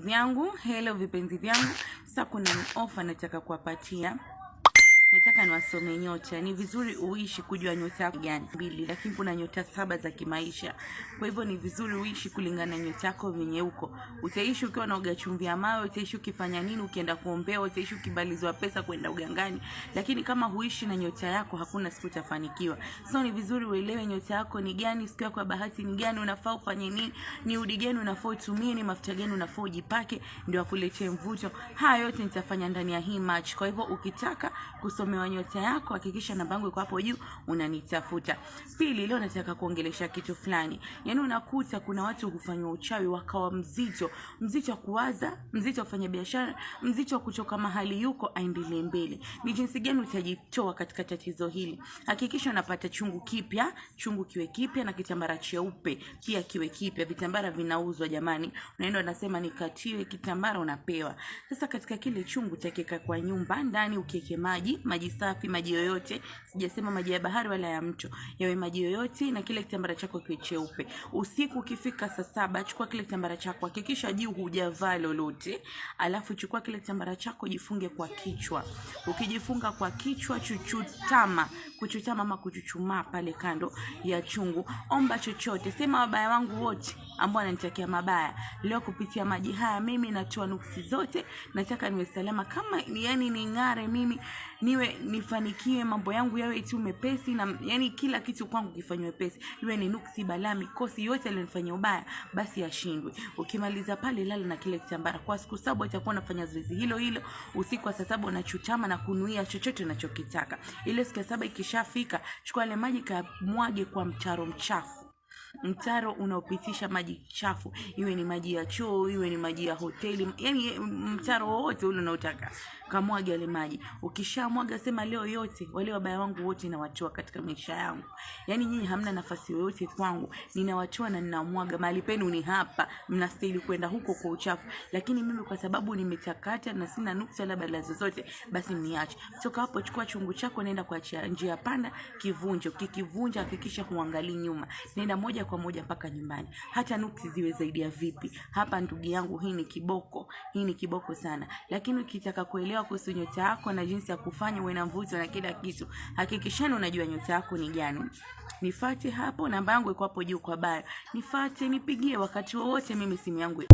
vyangu hello, vipenzi vyangu, sasa kuna ofa nataka kuwapatia nataka niwasome nyota. Ni vizuri uishi kujua nyota yako gani mbili, lakini kuna nyota saba za kimaisha. Kwa hivyo ni vizuri uishi kulingana na nyota yako venye uko. Utaishi ukiwa unaoga chumvi ya mawe, utaishi ukifanya nini, ukienda kuombea, utaishi ukibalizwa pesa kwenda ugangani, lakini kama huishi na nyota yako, hakuna siku utafanikiwa. So ni vizuri uelewe nyota yako ni gani, siku yako ya bahati ni gani, unafaa ufanye nini, ni udi gani unafaa utumie, ni mafuta gani unafaa ujipake ndio akuletee mvuto. Haya yote nitafanya ndani ya hii March. Kwa hivyo ukitaka kusomewa nyota yako, hakikisha namba yangu iko hapo juu, unanitafuta. Pili, leo nataka kuongelesha kitu fulani. Yaani unakuta kuna watu hufanywa uchawi wakawa mzito, mzito kuwaza, mzito kufanya biashara, mzito kutoka mahali yuko aendelee mbele. Ni jinsi gani utajitoa katika tatizo hili? Hakikisha unapata chungu kipya, chungu kiwe kipya na kitambara cheupe pia kiwe kipya. Vitambara vinauzwa jamani, unaenda unasema nikatiwe kitambara, unapewa. Sasa katika kile chungu takika kwa nyumba ndani, ukieke maji maji safi, maji yoyote, sijasema maji ya bahari wala ya mto, yawe maji yoyote, na kile kitambara chako kiwe cheupe. Usiku ukifika saa saba, chukua kile kitambara chako, hakikisha juu hujavaa lolote, alafu chukua kile kitambara chako, jifunge kwa kichwa. Ukijifunga kwa kichwa, chuchutama, kuchutama ama kuchuchumaa pale kando ya chungu, omba chochote, sema wabaya wangu wote ambao wananitakia mabaya leo, kupitia maji haya mimi natoa nuksi zote, nataka niwe salama kama yani ning'are mimi niwe nifanikiwe, mambo yangu yawe tu mepesi na yani kila kitu kwangu kifanywe pesi, iwe ni nuksi, balaa, mikosi yote alionifanyia ubaya basi ashindwe Ukimaliza pale, lala na kile kitambara kwa siku saba. Itakuwa unafanya zoezi hilo hilo usiku wa saa unachutama na kunuia chochote unachokitaka. Ile siku ya saba ikishafika, chukua ile maji kamwage kwa mtaro mchafu mtaro unaopitisha maji chafu, iwe ni maji ya choo, iwe ni maji ya hoteli, yani mtaro wowote ule unaotaka, kamwaga yale maji. Ukishamwaga sema leo yote, wale wabaya wangu wote nawatoa katika maisha yangu, yani nyinyi hamna nafasi yoyote kwangu, ninawatoa na ninamwaga. Mahali penu ni hapa, mnastahili kwenda huko kwa uchafu, lakini mimi kwa sababu nimetakata na sina nukta la badala zozote, basi niache. Toka hapo, chukua chungu chako, nenda kwa njia panda, kivunje. Ukikivunja hakikisha huangalii nyuma, nenda moja kwa moja mpaka nyumbani, hata nukti ziwe zaidi ya vipi. Hapa ndugu yangu, hii ni kiboko, hii ni kiboko sana. Lakini ukitaka kuelewa kuhusu nyota yako na jinsi ya kufanya uwe na mvuto na kila kitu, hakikishani unajua nyota yako ni gani. Nifate hapo, namba yangu iko hapo juu kwa bayo nifate, nipigie wakati wowote, mimi simu yangu